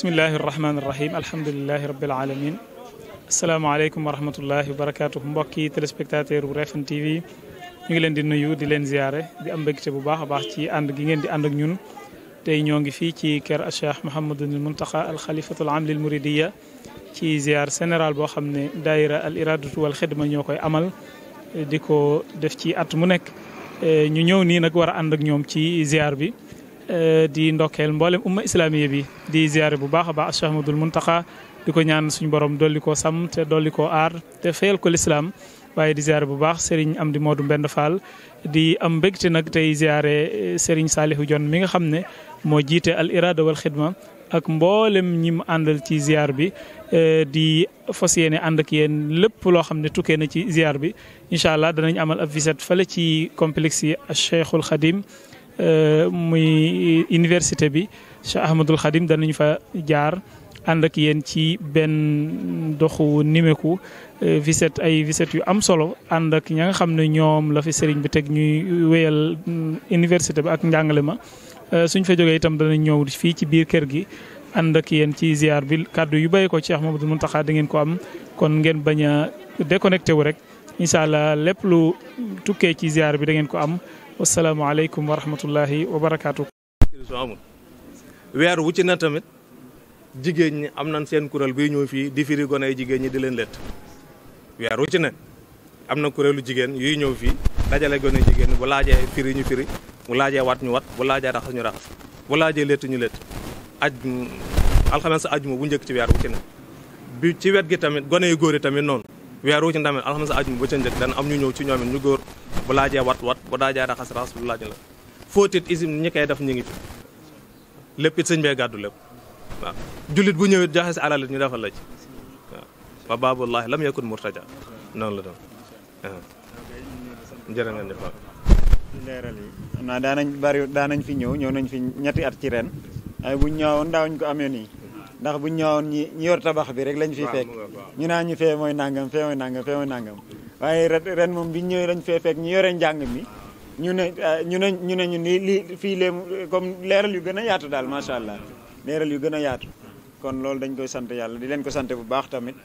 بسم الله الرحمن الرحيم الحمد لله رب العالمين السلام عليكم ورحمة الله وبركاته مباكي تلسبكتاتير وريفن تي في نيغلن دي نيو دي لين زيارة دي أمبك تبو باح باح تي أند جيغن دي أند جنون تي نيونغ في تي كر الشيخ محمد المنتقى الخليفة العام للمريدية تي زيار سنرال بو خمنا دائرة الإرادة والخدمة نيوكي أمل ديكو دفتي أتمنك نيو نيو ني نكوار أند جنوم تي زيار بي di ndokel mbollem umma islamiyya bi di ziare bu baakha ba Cheikh Ahmadul Muntaqa diko ñaan suñu borom dolli koo sàmm te dolli koo aar te fayal ko l'islam waye di ziare bu baax Serigne Amdi Modou bend Fall di am begti nak tey ziare Serigne salihou jonne mi nga xamne mo jité al irada wal khidma ak mbollem ñim àndal ci ziar bi di fas ànd ak yéen lépp lo xamne tuké na ci ziar bi inshallah allah danañ amal ab visite fële ci complexe Cheikhul Khadim Euh, muy université bi Cheikh Ahmadul Khadim danañ fa jaar ànd ak yéen ci benn doxu nimeku euh, visite ay visite yu am solo ànd ak ña nga xam ne ñoom la fi sëriñ bi teg ñuy wéyal mm, université bi ak njàngale ma euh, suñ fa jógee itam danañ ñëw fii ci biir kër gi ànd ak yéen ci ziar bi kaddu yu bayee ko ci Cheikh Mamadou Mountakha da ngeen ko am kon ngeen bañ a déconnecté wu rek incha allah lépp lu tukkee ci ziar bi da ngeen ko am wasalaamaaleykum wa rahmatullahi wa weer wu ci na tamit jigéen ñi am nañ seen kuréel bi ñëw fii di firi gone jigéen ñi di leen lett weer wu na am na kuréelu jigéen yuy ñëw fii dajale gone jigéen bu laajee firi ñu firi bu laajee wat ñu wat bu laajee raxas ñu raxas bu laajee lett ñu lett aj alxames ajuma bu njëkk ci weer wu ci ne bi ci wet gi tamit gone yu góor yi tamit noonu. weeru ci ndamel alxames ajum ba ca njëkk dana am ñu ñëw ci ñoom it ñu góor bu laajee wat wat bu laajee raxas raxas bu laaj la fóotit isim ñu koy def ñu ngi ci lépp it sëñ bee gàddu lépp waaw jullit bu ñëwit joxe si alalit ñu defal la ci waaw wa baabullahi lam yakun murtaja noonu la doon jërë ngeen jëf leeral yi xam naa daanañ bari daanañ fi ñëw ñëw nañ fi ñetti at ci ren waaye bu ñu ñëwoon daawuñ ko amee nii ndax bu ñëwoon ñi ñi yor tabax bi rek lañu fiy ñu naa ñu fee mooy nangam fee mooy nangam fee nangam waaye ren moom bi ñëwee lañ fee fekk ñu yore njàng mi ñu ne ah, ñu ne ñu ne ñu ni lii fii lee comme leeral yu gën a yaatu daal macha allah leeral yu gën a yaatu kon loolu dañ koy sant yàlla di leen ko sant bu baax tamit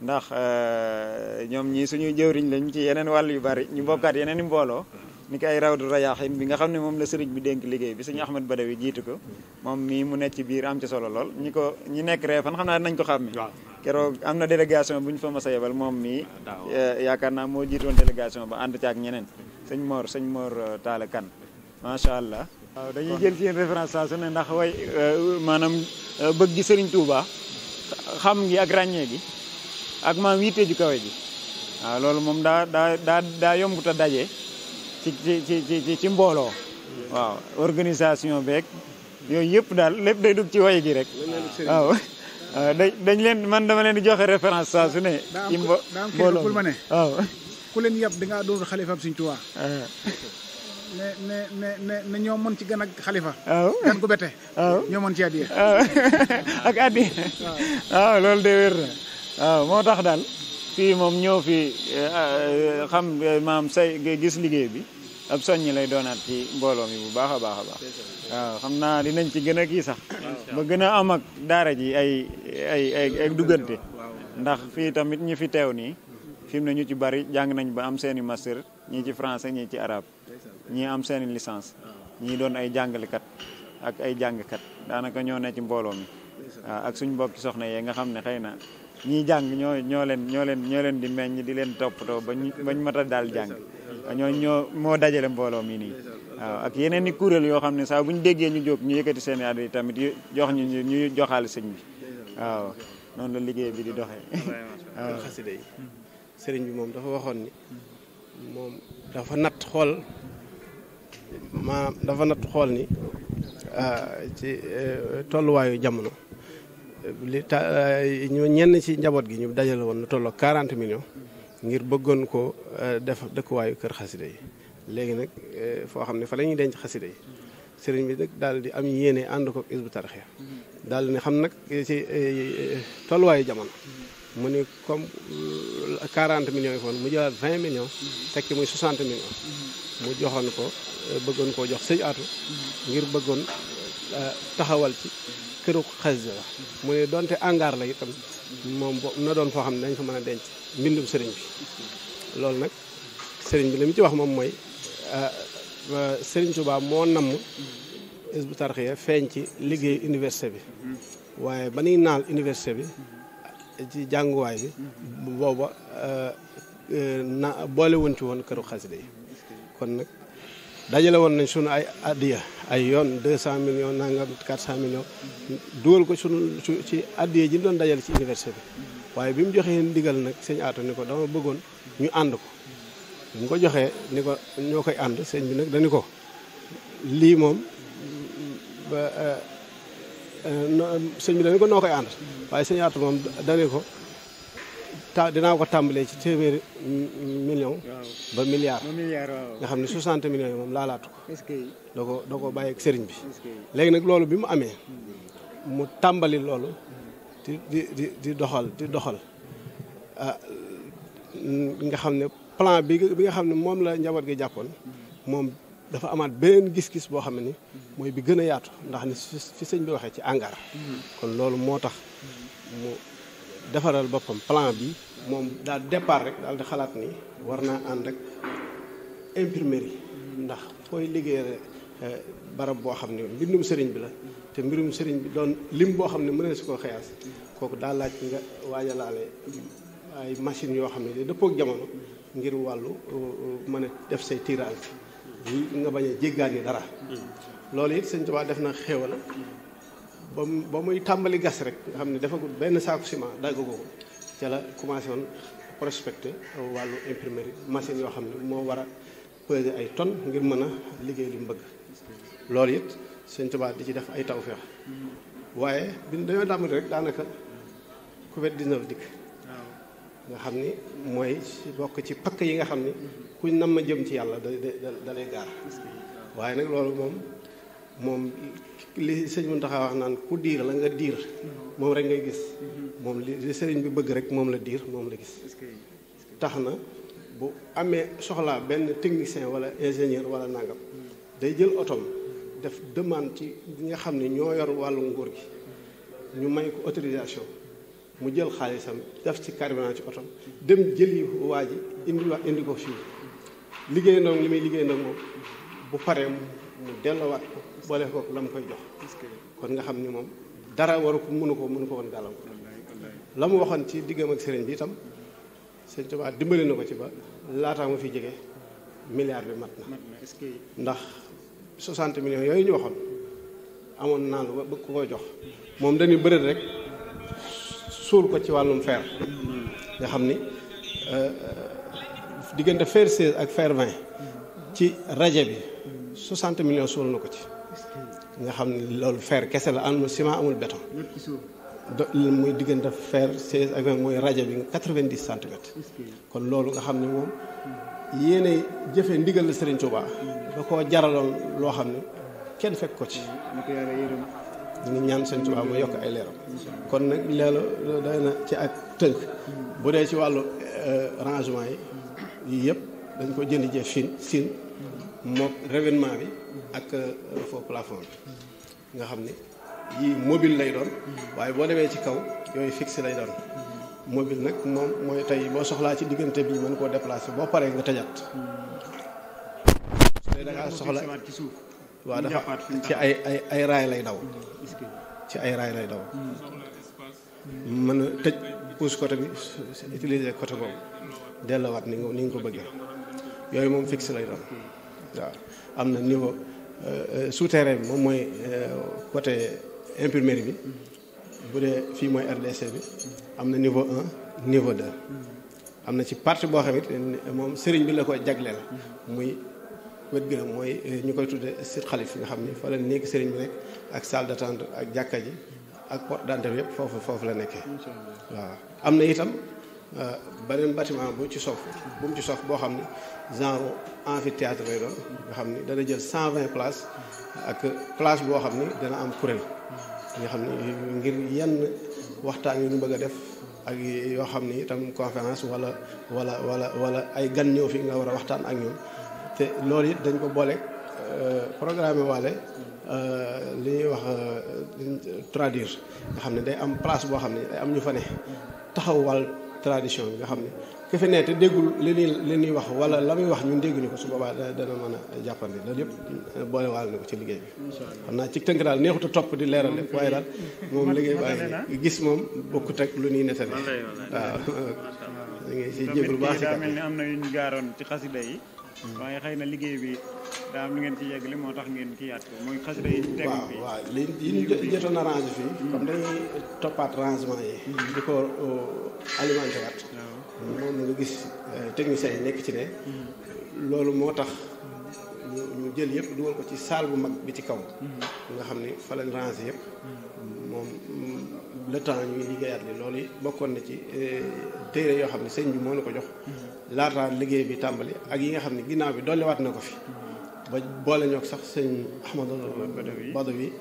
ndax euh, ñoom ñii suñuy jëwriñ lañ ci yeneen wàll yu bari ñu bokkaat yeneen i mbooloo ni ki ay rawdu rayahin bi nga xamne mom la serigne bi denk liggey bi serigne Ahmad Badawi jitu ko mom mi mu necc biir am ci solo lol. ñi ko ñi nek reefan fan xamna nañ ko xàmme kéro amna délégation buñ fa mas a yebal moom mii ah, eh, yaakaar mo jitu jiitoon délégation ba and ci ak ñeneen serigne Mor serigne Mor euh, kan ma sha allah dañuy jël ci référence saa ne ndax way euh, manam euh, bëgg gi serigne Touba xam gi ak ragné gi ak ma wité ju kawé ji waaw loolu da da ci ci ci mbooloo waaw organisation beeg yooyu yëpp daal lépp day dugg ci way gi rek waaw dañ leen man dama leen di joxe référence saa su ne ci mbooloo ma ne ku leen yàpp dangaa doon xalifaam Sëñ Tuubaa ne ne ne ne ñoo mën ci gën ak xalifa waaw gan gu ñoo mën ci addiye ak addiye waaw loolu de wér na waaw moo tax daal kii moom ñëw fi eh, ah, xam maam say gis liggéey bi ab soññi lay doonaat ci mbooloo mi bu baax a baax a baax waaw xam naa dinañ ci gën a kii sax ba gën a am ak daara ji ay ay ay ay duggante ndax fii tamit ñi fi teew nii fi mu ne ñu ci bari jàng nañ ba am seeni master ñii ci français ñii ci arabe ñii am seeni licence ñii doon ay jàngalekat ak ay jàngkat daanaka ñoo ne ci mbooloo mi waaw ak suñ mbokki soxna yee nga xam ne xëy na ñiy jàng ñoo ñoo leen ñoo leen ñoo di meññ di leen toppatoo ba ñu ba ñu mat a daal jàng ñoo ñoo moo dajale mbooloo mi nii waaw ak yeneen i kuréel yoo xam ne saa bu ñu déggee ñu jóg ñu yëkkati seen i yi tamit jox ñu ñu joxaale sëñ bi waaw noonu la liggéey bi di doxee. waaw sëriñ bi moom dafa waxoon ni moom dafa natt xool maanaam dafa natt xool ni ah, ci eh, tolluwaayu jamono. li ta eh, ñu ñenn ci njaboot gi ñu dajale woon lu tolloo 40 millions ngir bëggoon ko eh, def dëkkuwaayu kër xasida yi léegi nag eh, foo xam ne fa lañuy denc xasida yi sëriñ bi nag daal di am yéene ànd ko isbu tarxia daal di ne xam nag ci tolluwaayu jamono mu ni comme 40 millions yi foon mu jëlaat 20 millions tekki muy 60 millions mu joxoon ko bëggoon koo jox sëñ aatu ngir bëggoon taxawal ci këru xasida la mu ne donte angaar la itam moom na doon foo xam ne dañ fa mën a denc mbindum sëriñ bi loolu nag sëriñ bi li mu ci wax moom mooy euh, euh, sëriñ Tuubaa moo namm Hizbut Tarqiyyah feeñ ci liggéey université bi waaye ba nuy naal université bi ci jànguwaay bi booba euh, na boole wuñ ci woon këru xasida yi kon nag dajale woon nañ sunu ay addiya ay yoon 200 millions nangam 400 millions dugal ko su ci addiyee ji ñu doon dajale ci université bi waaye bi mu joxee ndigal nag sëñ Atou ni ko dama bëggoon ñu ànd ko bu ko joxee ni ko ñoo koy ànd sëñ bi nag dañu ko lii moom ba euh, euh, sëñ bi dañu ko noo koy ànd waaye sëñ Atou moom dañu ko ta dinaa ko tàmbalee ci téeméeri million ba milliard nga xam ne 60 millions yi moom laalaatu ko da ko da ko bàyyi ak sëriñ bi léegi nag loolu bi mu amee mu tàmbali loolu di di di doxal di doxal ah, nga xam ne plan bi bi nga xam ne moom la njaboot gi jàppoon moom dafa amaat beneen gis-gis boo xam ne mooy bi gën a yaatu ndax ni fi sëñ bi waxee ci engrais mm-hmm. kon loolu moo tax defaral boppam plan bi moom daal départ rek daal di xalaat ni war naa ànd ak imprimerie ndax fooy liggéey eh, barab boo xam ne mbindum sëriñ bi la te mbirum sëriñ bi doon lim boo xam ne mën na si ko xeyaas kooku daal laaj nga waajalaale ay machines yoo xam ne day dëppook jamono ngir wàllu eh, mën def say tirage yi nga bañ a jéggaani dara mm. loolu it sëñ Tuubaa def na xéewal ba ba muy tàmbali gas rek nga xam ne defagul benn saaku ciment daggagoo ci la commencé won prospecté walu imprimerie machine yo xamni mo wara peser ay tonnes ngir meuna a liggéey li mu bëgg loolu it sëñ di ci def ay tawfiq waye bi dañu dam rek danaka covid 19 dik nga xamni moy mooy bokk ci pak yi nga xamni ku kuñ jëm ci yalla da da da lay gaar waaye nag loolu moom moom li sëñ Mountakha wax naan ku diir la nga diir moom rek ngay gis moom li sëriñ bi bëgg rek moom la diir moom la gis tax na bu amee soxlaa benn technicien wala ingénieur wala nangam day jël otom def demande ci ñi nga xam ne ñoo yor wàllu nguur gi ñu may ko autorisation mu jël xaalisam def ci carburant ci otom dem jël waa ji indi wa indi ko fii liggéey ndoom li may liggéey ndoom moom bu paree mu delloowaat ko boole ko la mu koy jox kon nga xam ni moom dara waru ko mënu ko mënu ko woon gàllankoor la mu waxoon ci diggam ak sëriñ bi itam sëñ Tuubaa dimbali na ko ci ba laataa ma fi jege milliard bi mat na ndax 60 millions yooyu ñu waxoon amoon naa lu bëgg ko jox moom dañuy bëri rek suul ko ci wàllum fer nga xam ni euh, diggante fer 16 ak fer 20 ci rajo bi 60 millions suul na ko ci. nga xam ne loolu fer kese la amul ciment amul béton. muy diggante fer 16 ak mooy rajo bi nga 90 centimètres. kon loolu nga xam ni moom. yéene jëfe ndigal la Serigne da koo jaraloon loo xam ne kenn fekk ko ci. ñu ngi ñaan Serigne Touba mu yokk ay leeram. kon nag loolu day na ci ak tënk. Hmm. bu dee ci wàllu euh, rangement yi. yii yëpp dañ ko jënd jëf siin siin. mook revêtement bi ak euh, faux plafond bi nga xam ne yii mobile lay doon waaye boo demee ci kaw yooyu fix lay doon mobile nag moom mooy tey boo soxlaa ci diggante bi mën koo déplacer boo paree nga tëjaat su dee da ngaa soxla waaw dafa ci ay ay ay raay lay daw mm-hmm. ci ay raay lay daw mën a tëj pousse côté bi utiliser côté boobu delluwaat ni nga ko bëggee yooyu moom fixe lay doon waaw am na niveau euh, euh, terrain bi moom mooy euh, côté imprimerie bi bu dee fii mooy RDC bi am na niveau un niveau deux am na ci partie boo xam moom sëriñ bi la ko jagleel muy wet gën mooy ñu koy tudde sit xalif nga xam ni fa la néeg sëriñ bi rek ak salle d'attente ak jàkka ji ak porte d'entrée yëpp foofu foofu la nekkee waaw am na itam Euh, beneen bâtiment bu ci sof bu mu ci sof boo xam ne genre amphithéâtre lay doon nga xam ne dana jël cent vingt places ak place boo xam ne dana am kuréel nga xam ne ngir yenn waxtaan yu ñu bëgg a def ak yoo xam ne itam conférence wala wala wala wala ay gan ñëw fi nga war a waxtaan ak ñoom te loolu it dañ ko boole euh, programme waale euh, li ñuy wax traduire nga xam ne day am place boo xam ne day am ñu fa ne taxaw tradition bi nga xam ne ku fi ne te déggul li ñuy li ñuy wax wala la muy wax ñun dégguñu ko su boobaa dana mën a jàppandi loolu yëpp boole waale na ko ci liggéey bi. xam naa ci tënk daal neexut a topp di leeral rek waaye daal moom liggéey bàyyi gis moom bokkut ak lu ñuy netali waaw. da ngay siy jégalu baax ci mel ni am na yu ñu gaaroon ci xasida yi. Hmm. waaye xëy na liggéey bi. daa am lu ngeen ci yeggali moo tax ngeen kii ko muy xasida yi tegu bi waaw waaw li yi ñu jotoon a rangé fii hmm. comme dañuy toppaat rangement yi hmm. di ko alimenté waat moom nga gis euh, techniciens yi nekk ci ne hmm. loolu moo tax ñu jël yëpp dugal ko ci saal bu mag bi ci kaw nga xam ne fa lañ rangé moom le temps liggéeyaat li loolu it bokkoon na ci euh, téere yoo xam ne sëñ bi moo na ko jox laataa liggéey bi tàmbali ak yi nga xam ne ginnaaw bi dolliwaat na ko fi ba boole ñoog sax sëñ Ahmadou Badawi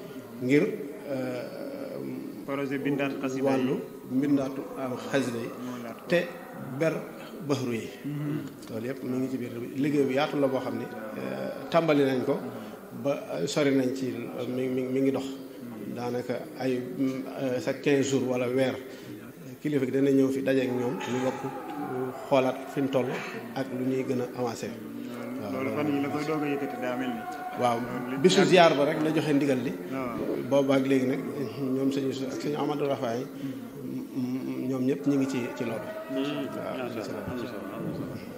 ngir euh, projet bindaatu xasida wàllu bindaatu am xasida yi te ber bëxru yi mm-hmm. loolu yëpp mu ngi ci biir liggéey bi yaatul la boo xam ne euh, tàmbali nañ ko ba sori nañ ci mi mi ngi dox daanaka ay euh, sa quinze jours wala weer kilifa gi dana ñëw fi dajeek ñoom ñu bokk xoolaat fi mu toll ak lu ñuy gën a avancé loolu fan yii la a waaw bisu ziar ba rek la joxe ndigal li. boobu ak léegi nag ñoom sëñ Yusuf ak Amadou Rafaay ñoom ñëpp ñu ngi ci ci loolu. waaw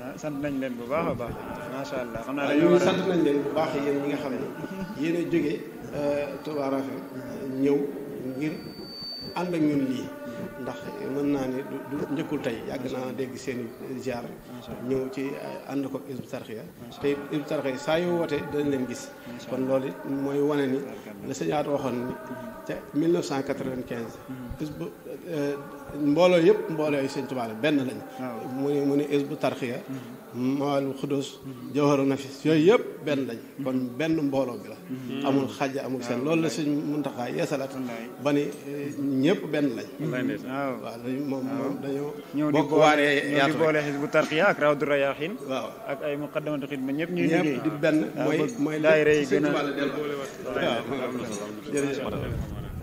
ah, sant nañ leen bu baax a baax. macha allah xam naa dañoo sant nañ leen bu baax yéen ñi nga xam ne yéen a jógee euh, Touba Rafahi ñëw ngir. ànd na ñun lii ndax mën naa ne du njëkkul tey yàgg naa dégg seen i ziar ñëw ci eh, ànd ko Hizbut Tarqiyyah te Hizbut Tarqiyyah saa yu wootee dañ leen gis kon loolu it mooy wane ni la sëñ waxoon ni ca 1995 mm-hmm. Hizbut eh, mbooloo yëpp mbooloo yu sëñ Tuubaa benn lañ mu ne mu ne Hizbut Tarqiyyah mm-hmm. maalu xudus jawharu nafis yooyu yëpp benn lañ kon benn mbooloo bi la hmm. amul xaja amul seen loolu la suñ muntaxaa yeesalaat ba ni eh, ñëpp benn lañ waaw dañu moom moom dañoo bokk waaree yaatu di boole xisbu tarqiya ak rawdu rayaxin ñëpp ñuy benn mooy mooy daayira yi gën a waaw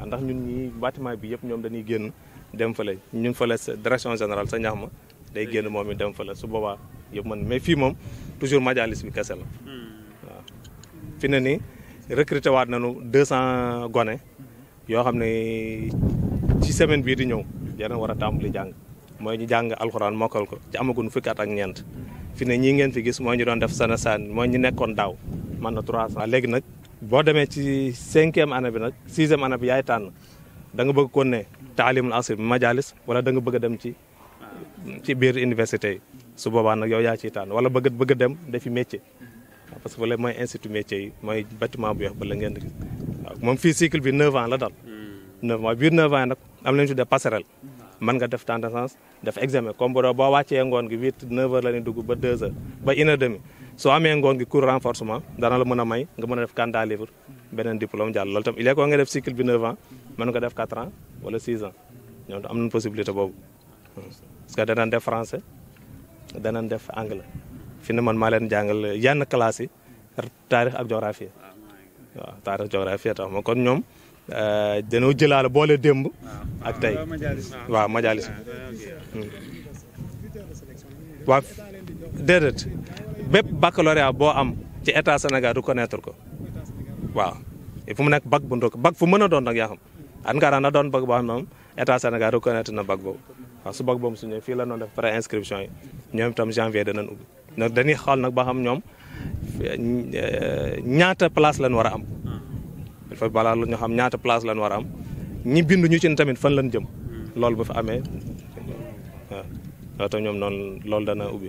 ndax ñun ñi bâtiment bi yëpp ñoom dañuy génn dem fële ñun fële direction générale sa ñax ma day génn moom it dem fële su boobaa yëpp man mais fii moom toujours majalis bi kese la hmm. fi na ni recruté waat nañu deux cent gone yoo xam ne ci semaine bii di ñëw dina war a tàmbali jàng mooy ñu jàng alxuraan mokkal ko ci amaguñu fukki at ak ñeent fi ne ñii ngeen fi gis mooy ñu doon def sana saan mooy ñu nekkoon daaw man na trois cent léegi nag boo demee ci cinquième année bi nag sixième année bi yaay tànn da nga bëgg kon ne taalimul asr bi majalis wala da nga bëgg a dem ci ci biir université yi su booba nag yow yaa ci tànn wala bëgg bëgg dem defi métier parce que fële mooy institut métier yi mooy bâtiment bu yokk ba la ngeen di moom fii cycle bi 9 ans la dal. 9 hmm. mois biir 9 ans nag am nañu tuddee def temps de def examen comme bu boo wàccee ngoon gi 8 9h la ñuy ba 2h ba 1 h gi cours renforcement dana la mën a may nga mën a def candidat beneen diplôme jàll loolu tam il est ko nga def cycle bi 9 ans mën nga def 4 ans wala 6 ans ñoom am nañu possibilité boobu. parce que danañ def français danañ def anglais fi ne man ma leen jàngal yenn classe yi taarix ak géographie waaw taarix géographie tax ma kon ñoom euh, dañoo jëlaale boole démb ak tey ah, waaw majalis ah, hmm. waaw déedéet bépp baccalauréat boo am ci état Sénégal du connaître ko waaw fu mu nekk bac bu ndok bac fu mën a doon nag yaa xam an nga daan doon bac boo xam ne état Sénégal du connaître na bac boobu waaw su boog boobu suñu fii la noonu def pré inscription yi ñoom itam janvier danañ ubbi donc dañuy xool nag ba xam ñoom eh, ñaata place lañ war a am. il faut balaa ñu xam ñaata place lañ war a am ñi bindu ñu ci tamit fan lañ jëm loolu ba fa amee waaw ñoom noonu loolu dana ubbi.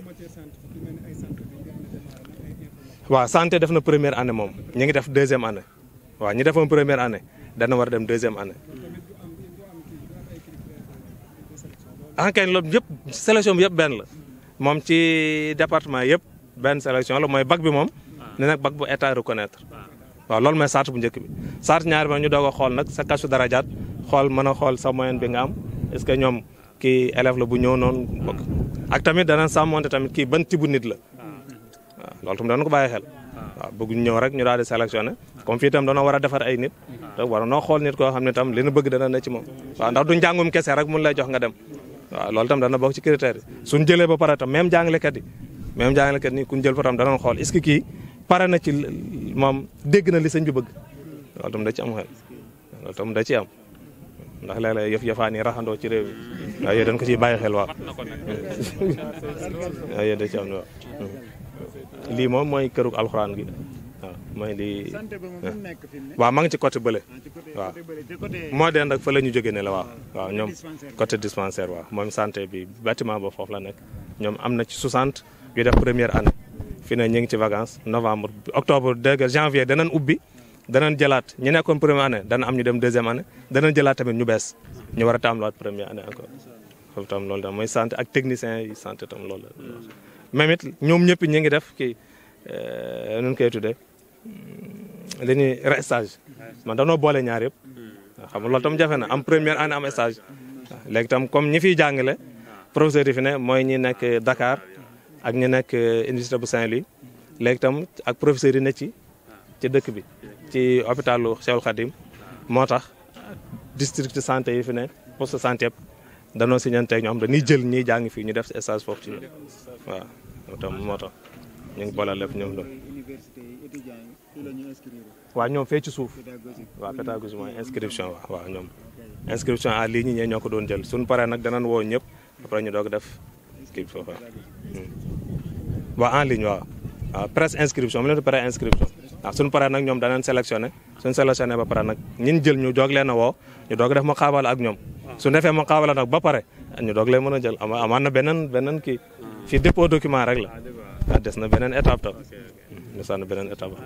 waaw santé def na première année moom ñi ngi def deuxième année waa ñi defoon première année dana war a dem deuxième année. enquête loolu yëpp sélection bi yëpp benn la moom ci département yëpp benn sélection la mooy bac bi moom. ne nag bac bu état reconnaître waaw loolu mooy sart bu njëkk bi sart ñaar ba ñu doog a xool nag sa kasu darajaat xool mën a xool sa moyenne bi nga am est-ce que ñoom kii élève bu ñëw noonu bokk ak tamit dana sàmmonte tamit kii ban tibu nit la waaw loolu tam dana ko bàyyi xel. waaw bëgg ñu ñëw rek ñu daal di sélectionné comme fii tam doona war a defar ay nit te war noo xool nit koo xam ne tam li nu bëgg dana ne moom waaw ndax du njàngum kese rek mun lay jox nga dem waaw loolu tam dana bokk ci critères yi suñ jëlee ba pare tam même jàngalekat yi même jàngalekat ni kuñ jël fa tam danañ xool est kii pare na ci moom dégg na li sëñ bi bëgg tam da ci am da ci am ndax léeg-léeg yëf yëfaan yi raxandoo ci réew mi waaye dañ ko ci bàyyi xel waaw waaye lii moom mooy kërug alxuraan gi waaw mooy di waaw maa ngi ci côté bële ah, waaw moo dend ak fa la ñu jógee ne la waa waaw ah, ñoom côté dispensaire waa moom santé bi bâtiment ba foofu la nekk ñoom am na ci 60 yu def première année fi na ñu ngi ci vacances novembre octobre dégg janvier danañ ubbi danañ jëlaat ñu nekkoon première année dana am ñu dem deuxième année danañ jëlaat tamit ñu bees ñu war a tàmbaliwaat première année encore foofu tam loolu tam mooy santé ak technicien yi santé tam loolu mm. même it ñoom ñëpp ñu ngi def kii euh, nu ñu koy tuddee Hmm, dañuy re stage danoo boole ñaar yëpp xam nga loolu tam jafe na am première année am stage léegi tam comme ñi fiy jàngale professeur yi fi ne mooy ñi nekk dakaar ak ñi nekk euh, université bu Saint-Louis léegi tam ak professeur yi ne ci ci dëkk bi ci hôpitalu Cheikhoul Khadim moo tax district santé yi fi ne poste santé yëpp danoo si ñeenteeg ñoo xam dañuy jël ñiy jàng fii ñu def stage foofu ci waaw tam moo tax ñu ngi boole lépp ñoom waaw ñoom fee ci suuf a pédagogie mooy inscription waaw waaw ñoom inscription a ligne ñee ñoo ko doon jël suñ paree nag danañ woo ñëpp après ñu doog def kii foofa hmm. waaw en ligne waaw waaw presse inscription mu leen presse inscription waaw suñ paree nag ñoom danañ sélectionné suñ sélectionné ba pare a ma xaabal ak ñoom su defee ma xaabal nag ba pare ñu doog leen mën a jël ama na beneen beneen kii fii dépôt document rek la ah, des na beneen étape tam ñu sànn beneen étape